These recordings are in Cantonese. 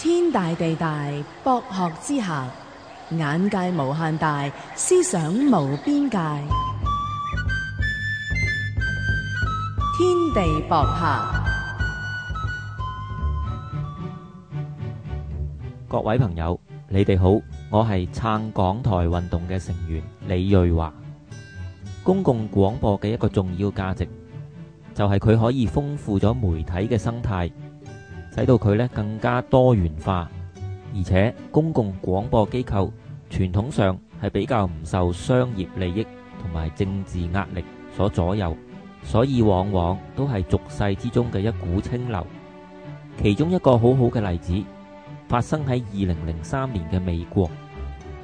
天大地大，博學之下眼界無限大，思想無邊界。天地博客，各位朋友，你哋好，我係撐港台運動嘅成員李銳華。公共廣播嘅一個重要價值，就係佢可以豐富咗媒體嘅生態。睇到佢呢，更加多元化，而且公共廣播機構傳統上係比較唔受商業利益同埋政治壓力所左右，所以往往都係俗世之中嘅一股清流。其中一個好好嘅例子，發生喺二零零三年嘅美國，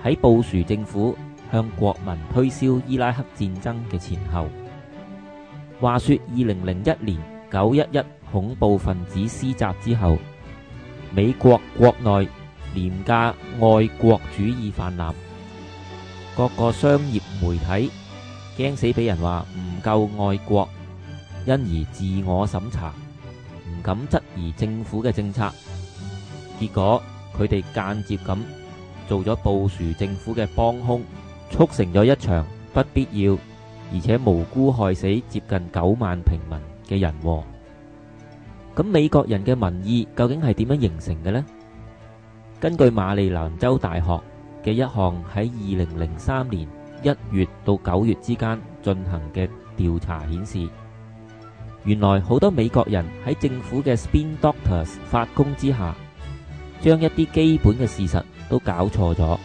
喺布殊政府向國民推銷伊拉克戰爭嘅前後。話說二零零一年九一一。恐怖分子施襲之後，美國國內廉價愛國主義泛濫，各個商業媒體驚死俾人話唔夠愛國，因而自我審查，唔敢質疑政府嘅政策，結果佢哋間接咁做咗布殊政府嘅幫兇，促成咗一場不必要而且無辜害死接近九萬平民嘅人禍。咁美國人嘅民意究竟係點樣形成嘅呢？根據馬利蘭州大學嘅一項喺二零零三年一月到九月之間進行嘅調查顯示，原來好多美國人喺政府嘅 spin doctors 發功之下，將一啲基本嘅事實都搞錯咗，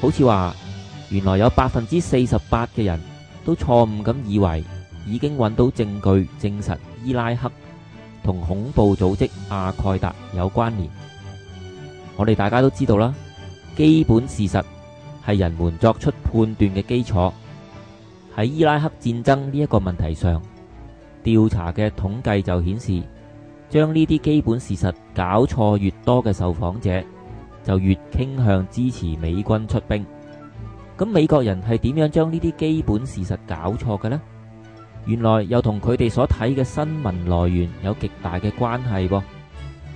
好似話，原來有百分之四十八嘅人都錯誤咁以為已經揾到證據證實伊拉克。同恐怖組織阿蓋達有關聯，我哋大家都知道啦。基本事實係人們作出判斷嘅基礎。喺伊拉克戰爭呢一個問題上，調查嘅統計就顯示，將呢啲基本事實搞錯越多嘅受訪者，就越傾向支持美軍出兵。咁美國人係點樣將呢啲基本事實搞錯嘅呢？原來又同佢哋所睇嘅新聞來源有極大嘅關係噃。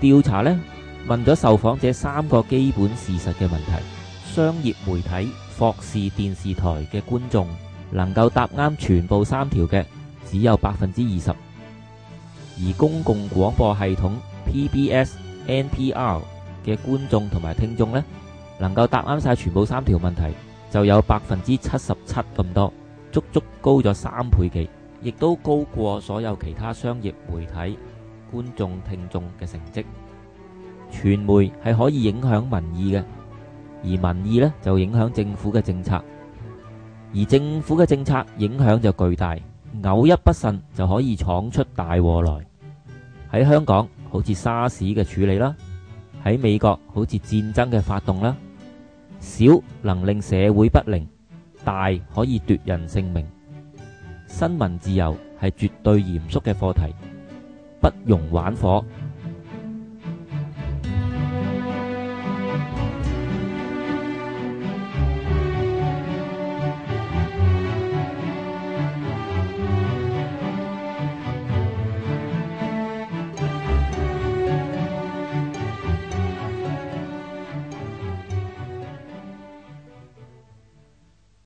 調查呢，問咗受訪者三個基本事實嘅問題，商業媒體霍士電視台嘅觀眾能夠答啱全部三條嘅只有百分之二十，而公共廣播系統 PBS、NPR 嘅觀眾同埋聽眾呢，能夠答啱晒全部三條問題就有百分之七十七咁多，足足高咗三倍幾。亦都高過所有其他商業媒體觀眾聽眾嘅成績。傳媒係可以影響民意嘅，而民意呢就影響政府嘅政策，而政府嘅政策影響就巨大，偶一不慎就可以闖出大禍來。喺香港好似沙士嘅處理啦，喺美國好似戰爭嘅發動啦，小能令社會不寧，大可以奪人性命。新聞自由係絕對嚴肅嘅課題，不容玩火。